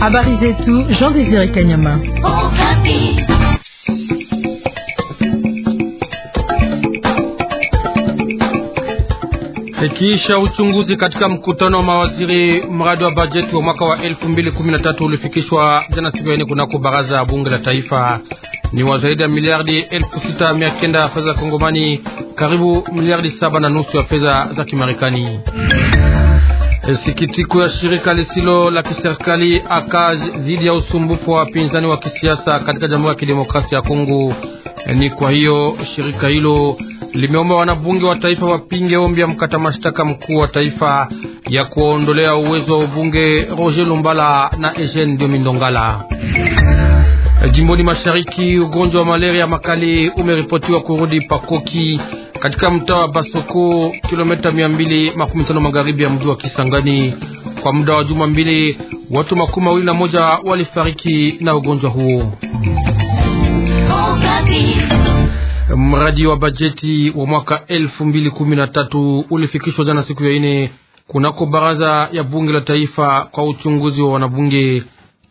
Habari zetu Jean Désiré Kanyama. Okapi. Ikiisha uchunguzi katika mkutano wa mawaziri, mradi wa bajeti wa mwaka wa 2013 ulifikishwa jana siku ya ine kunako baraza ya bunge la taifa ni wa zaidi ya miliardi elfu sita mia kenda fedha za Kongomani, karibu miliardi saba na nusu ya fedha za Kimarekani. Sikitiko ya shirika lisilo la kiserikali akaz dhidi ya usumbufu wa wapinzani wa kisiasa katika Jamhuri ya Kidemokrasia ya Kongo. Ni kwa hiyo shirika hilo limeomba wanabunge wa taifa wapinge ombi ya mkata mashtaka mkuu wa taifa ya kuondolea uwezo wa ubunge Roger Lumbala na Eugene Diomindongala. Jimboni mashariki, ugonjwa wa malaria makali umeripotiwa kurudi Pakoki katika mtaa wa Basoko, kilomita 215 magharibi ya mji wa Kisangani. Kwa muda wa juma mbili, watu makumi mawili na moja walifariki na ugonjwa huo. mradi wa bajeti wa mwaka 2013 ulifikishwa jana siku ya ine kunako baraza ya bunge la taifa kwa uchunguzi wa wanabunge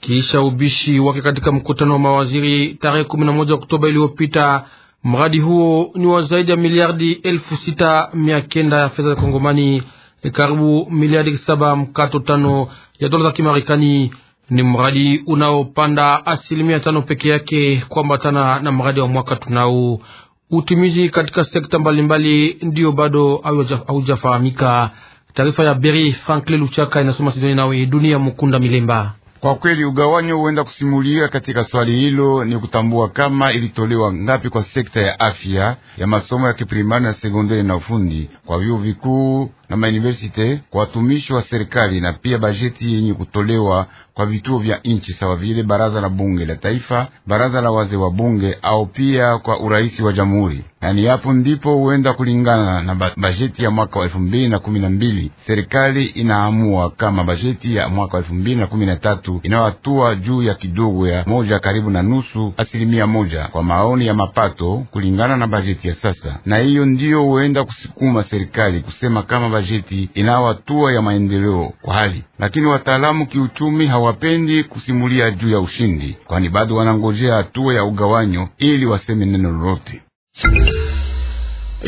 kisha ubishi wake katika mkutano wa mawaziri tarehe 11 Oktoba iliyopita. Mradi huo ni wa zaidi ya miliardi elfu sita mia kenda ya fedha za Kongomani, karibu miliardi saba mkato tano ya dola za Kimarekani. Ni mradi unaopanda asilimia tano peke yake kuambatana na mradi wa mwaka tunao. Utimizi katika sekta mbalimbali ndiyo bado haujafahamika. Taarifa ya Beri Franklin Luchaka inasoma Sidoni nawe Dunia Mukunda Milemba. Kwa kweli ugawanyo huenda kusimulia katika swali hilo ni kutambua kama ilitolewa ngapi kwa sekta ya afya ya masomo ya kiprimari na sekondari na ufundi kwa vyuo vikuu na mauniversite kwa watumishi wa serikali na pia bajeti yenye kutolewa kwa vituo vya nchi sawa vile baraza la bunge la taifa, baraza la wazee wa bunge au pia kwa uraisi wa jamhuri. Yani hapo ndipo huenda kulingana na bajeti ya mwaka wa elfu mbili na kumi na mbili serikali inaamua kama bajeti ya mwaka wa elfu mbili na kumi na tatu inawatua juu ya kidogo ya moja karibu na nusu asilimia moja kwa maoni ya mapato kulingana na bajeti ya sasa, na hiyo ndiyo huenda kusukuma serikali kusema kama bajeti inawatua ya maendeleo kwa hali, lakini wataalamu kiuchumi hawapendi kusimulia juu ya ushindi, kwani bado wanangojea hatua ya ugawanyo ili waseme neno lolote.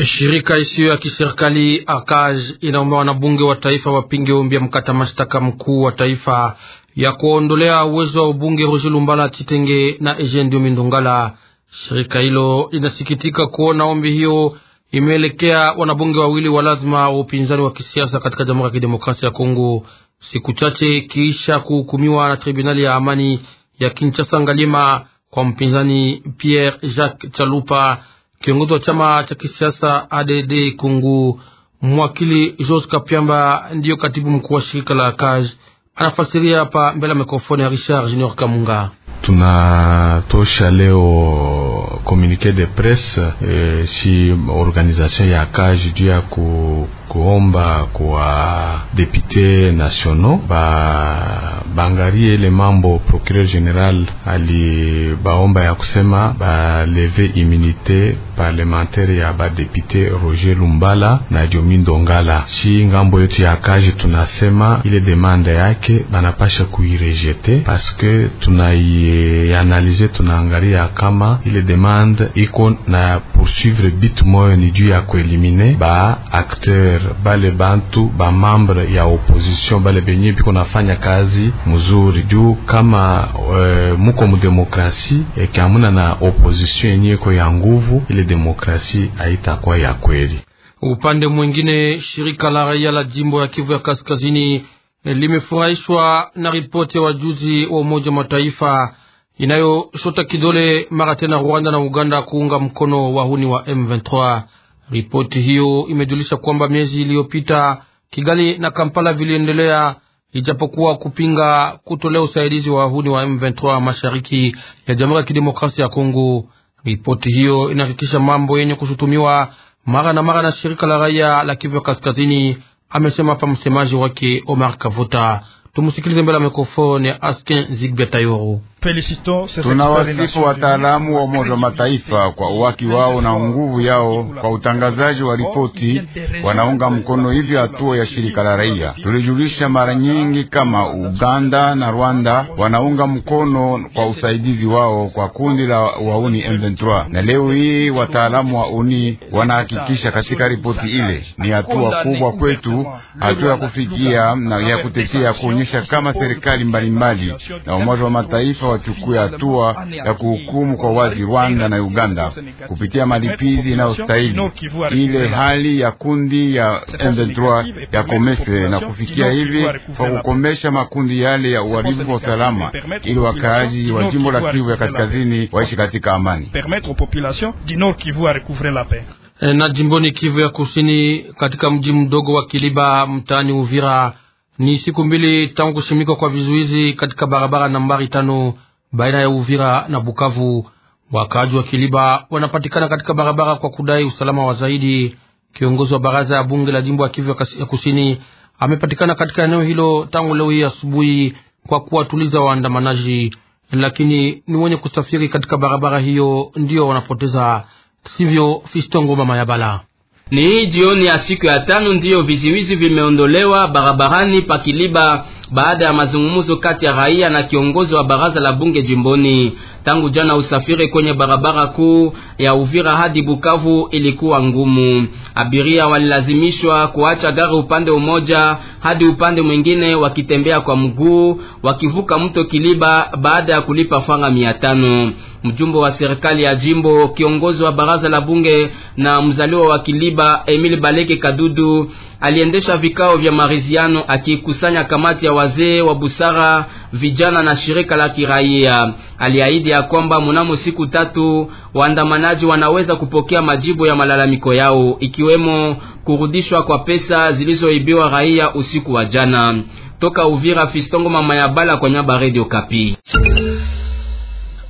Shirika isiyo ya kiserikali ACAJ inaomba wanabunge wa taifa wapinge ombi ya mkata mashtaka mkuu wa taifa ya kuondolea uwezo wa ubunge Roger Lumbala Chitenge na Eugene Ndungala. Shirika hilo linasikitika kuona ombi hiyo imeelekea wanabunge wawili wa lazima wa upinzani wa kisiasa katika Jamhuri ya Kidemokrasia ya Kongo siku chache kiisha kuhukumiwa na tribunali ya amani ya Kinshasa Ngalima kwa mpinzani Pierre Jacques Chalupa, kiongozi wa chama cha kisiasa ADD Kongo. Mwakili George Kapiamba ndiyo katibu mkuu wa shirika la Kaj anafasiria hapa mbele ya mikrofoni ya Richard Junior Kamunga tunatosha leo communique de presse e, si organisation ya kaji juu ya ku, kuomba kwa députés nationaux ba le membre du procureur général Baomba ya kusema l'immunité immunité parlementaire ya député Roger Lumbala na Jomindo Dongala. Shi ngambo yetu ya kaji tunasema ile demande yake banapasha kuirejete tuna tunaianalize, tunaangalia kama ile demande iko na poursuivre bit moyo ni juu ya ba acteur bale bantu ba membre ya opposition bale benye biko nafanya kazi mzuri juu kama e, muko mudemokrasi e, eh, kamuna na opposition yenye ko ya nguvu, ile demokrasi haitakuwa ya kweli. Upande mwingine, shirika la raia la jimbo ya Kivu ya Kaskazini eh, limefurahishwa na ripoti ya wajuzi wa Umoja wa Mataifa inayoshota kidole mara tena Rwanda na Uganda kuunga mkono wahuni wa M23. Ripoti hiyo imejulisha kwamba miezi iliyopita Kigali na Kampala viliendelea ijapokuwa kupinga kutolea usaidizi wa wahuni wa M23 mashariki ya Jamhuri ya Kidemokrasia ya Kongo. Ripoti hiyo inahakikisha mambo yenye kushutumiwa mara na mara na shirika la raia la Kivu Kaskazini, amesema hapa msemaji wake Omar Kavuta. Tumusikilize mbele ya mikrofoni ya Askin Zigbetayoro. Tunawasifu wataalamu wa Umoja wa Mataifa kwa uwaki wao na nguvu yao kwa utangazaji wa ripoti. Wanaunga mkono hivyo hatua ya shirika la raia. Tulijulisha mara nyingi kama Uganda na Rwanda wanaunga mkono kwa usaidizi wao kwa kundi la wauni M23, na leo hii wataalamu wa uni wanahakikisha katika ripoti ile. Ni hatua kubwa kwetu, hatua ya kufikia na ya kutetea, kuonyesha kama serikali mbalimbali na Umoja wa Mataifa wachukue hatua ya kuhukumu kwa wazi Rwanda na Uganda kupitia malipizi inayostahili. Ile hali ya kundi ya M23 yakomeshwe na kufikia hivi kwa kukomesha makundi yale ya uharibifu wa usalama, ili wakaaji wa jimbo la Kivu ya kaskazini waishi katika amani eh, na jimboni Kivu ya kusini katika mji mdogo wa Kiliba mtaani Uvira ni siku mbili tangu kushimika kwa vizuizi katika barabara nambari tano baina ya Uvira na Bukavu. Wakaaji wa Kiliba wanapatikana katika barabara kwa kudai usalama wa zaidi. Kiongozi wa baraza ya bunge la jimbo ya ya Kusini amepatikana katika eneo hilo tangu leo hii asubuhi kwa kuwatuliza waandamanaji, lakini ni wenye kusafiri katika barabara hiyo ndio wanapoteza, sivyo? Fistongo mama ya bala ni jioni ya siku ya tano ndiyo viziwizi vimeondolewa barabarani pa Kiliba baada ya mazungumzo kati ya raia na kiongozi wa baraza la bunge jimboni. Tangu jana usafiri kwenye barabara kuu ya Uvira hadi Bukavu ilikuwa ngumu. Abiria walilazimishwa kuacha gari upande umoja hadi upande mwingine, wakitembea kwa mguu, wakivuka mto Kiliba baada ya kulipa faranga mia tano. Mjumbe wa serikali ya jimbo, kiongozi wa baraza la bunge na mzaliwa wa Kiliba, Emil Baleke Kadudu aliendesha vikao vya maridhiano akikusanya kamati ya wazee wa busara vijana na shirika la kiraia. Aliahidi ya kwamba mnamo siku tatu waandamanaji wanaweza kupokea majibu ya malalamiko yao, ikiwemo kurudishwa kwa pesa zilizoibiwa raia usiku wa jana. Toka Uvira, Fistongo mama ya Bala kwa nyaba Radio Kapi.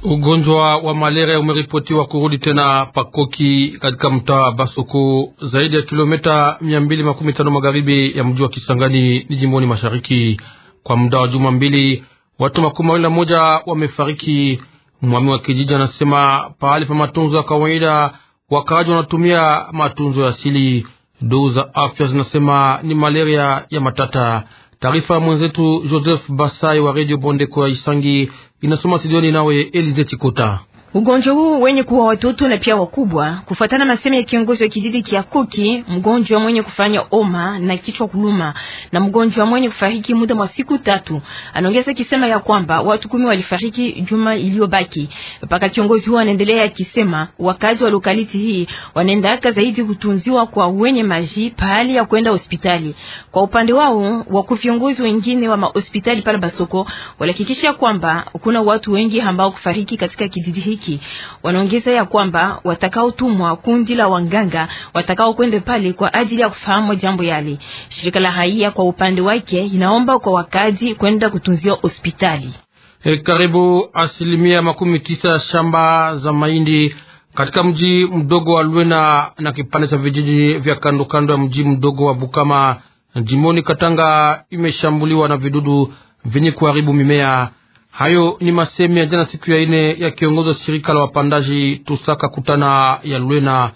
Ugonjwa wa malaria umeripotiwa kurudi tena Pakoki katika mtaa wa Basoko, zaidi ya kilomita 215 magharibi ya mji wa Kisangani ni jimboni mashariki. Kwa muda wa juma mbili, watu makumi mawili na moja wamefariki. Mwami wa kijiji anasema pahali pa matunzo ya kawaida wakaaji wanatumia matunzo ya asili. Duu za afya zinasema ni malaria ya matata. Taarifa ya mwenzetu Joseph Basai wa redio Bondeko ya Isangi inasoma sidioni nawe Elize Chikota. Ugonjwa huu wenye kuwa watoto na pia wakubwa, kufuatana na sema ya kiongozi wa kijiji kia Koki, mgonjwa mwenye kufanya oma na kichwa kuluma na mgonjwa mwenye kufariki muda wa siku tatu. Anaongeza kisema ya kwamba watu kumi walifariki juma iliyobaki. Mpaka kiongozi huyu anaendelea akisema wakazi wa lokaliti hii wanaendaka zaidi kutunziwa kwa wenye maji pahali ya kwenda hospitali. Kwa upande wao, wakuu viongozi wengine wa mahospitali pale Basoko walihakikisha kwamba kuna watu wengi ambao kufariki katika kijiji hiki Mashariki. Wanaongeza ya kwamba watakaotumwa kundi la wanganga watakao kwende pale kwa ajili ya kufahamu jambo yale. Shirika la haia kwa upande wake inaomba kwa wakazi kwenda kutunziwa hospitali. E, karibu asilimia makumi tisa ya shamba za mahindi katika mji mdogo wa Lwena na kipande cha vijiji vya kando kando ya mji mdogo wa Bukama jimoni Katanga imeshambuliwa na vidudu vyenye kuharibu mimea. Hayo ni masemi ya jana siku ya ine ya kiongozi wa shirika la wapandaji Tusaka Kutana ya Lwena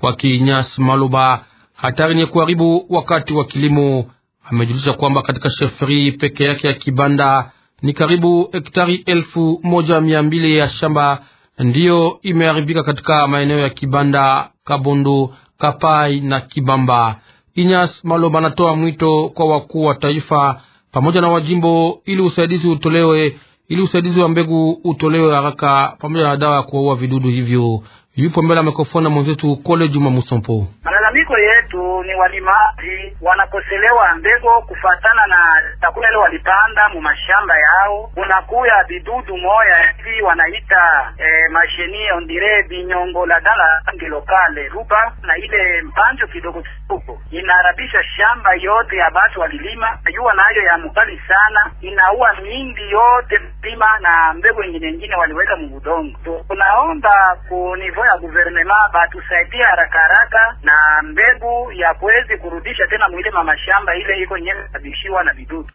kwa Kinyas Maluba, hatari ni kuharibu wakati wa kilimo. Amejulisha kwamba katika sheferi peke yake ya kibanda ni karibu hektari elfu moja mia mbili ya shamba ndiyo imeharibika katika maeneo ya Kibanda, Kabundu, Kapai na Kibamba. Inyas Maloba anatoa mwito kwa wakuu wa taifa pamoja na wajimbo ili usaidizi utolewe ili usaidizi wa mbegu utolewe haraka pamoja na dawa ya kuwaua vidudu hivyo. Yupo mbele ya mikrofoni mwenzetu Kole Juma Musompo. Malalamiko yetu ni walimaji wanakoselewa mbego kufatana na chakula ile walipanda mu mashamba yao, kunakuya bidudu moya hivi wanaita eh, masheni ondire binyongo la dala angi lokale ruba na ile mpanjo kidogo kidogo inarabisha shamba yote ya batu walilima. najua nayo ya mkali sana, inaua mindi yote mlima na mbego ingine ingine waliweka mubudongo. Tunaomba ku nivo ya guvernema batusaidie haraka haraka na mbegu ya kuwezi kurudisha tena mwilima mashamba ile iko nyenye na vidudu.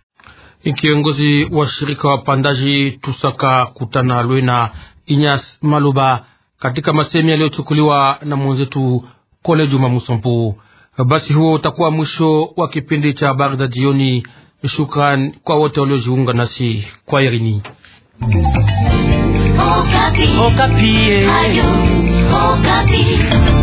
Kiongozi wa shirika wapandaji Tusaka kutana Lwena Inyas Maluba katika masemi yaliyochukuliwa na mwenzetu Kole Juma Musompu. Basi huo utakuwa mwisho wa kipindi cha habari za jioni. Shukran kwa wote waliojiunga nasi kwa irini. Okapi. Okapi. Ayu, Okapi.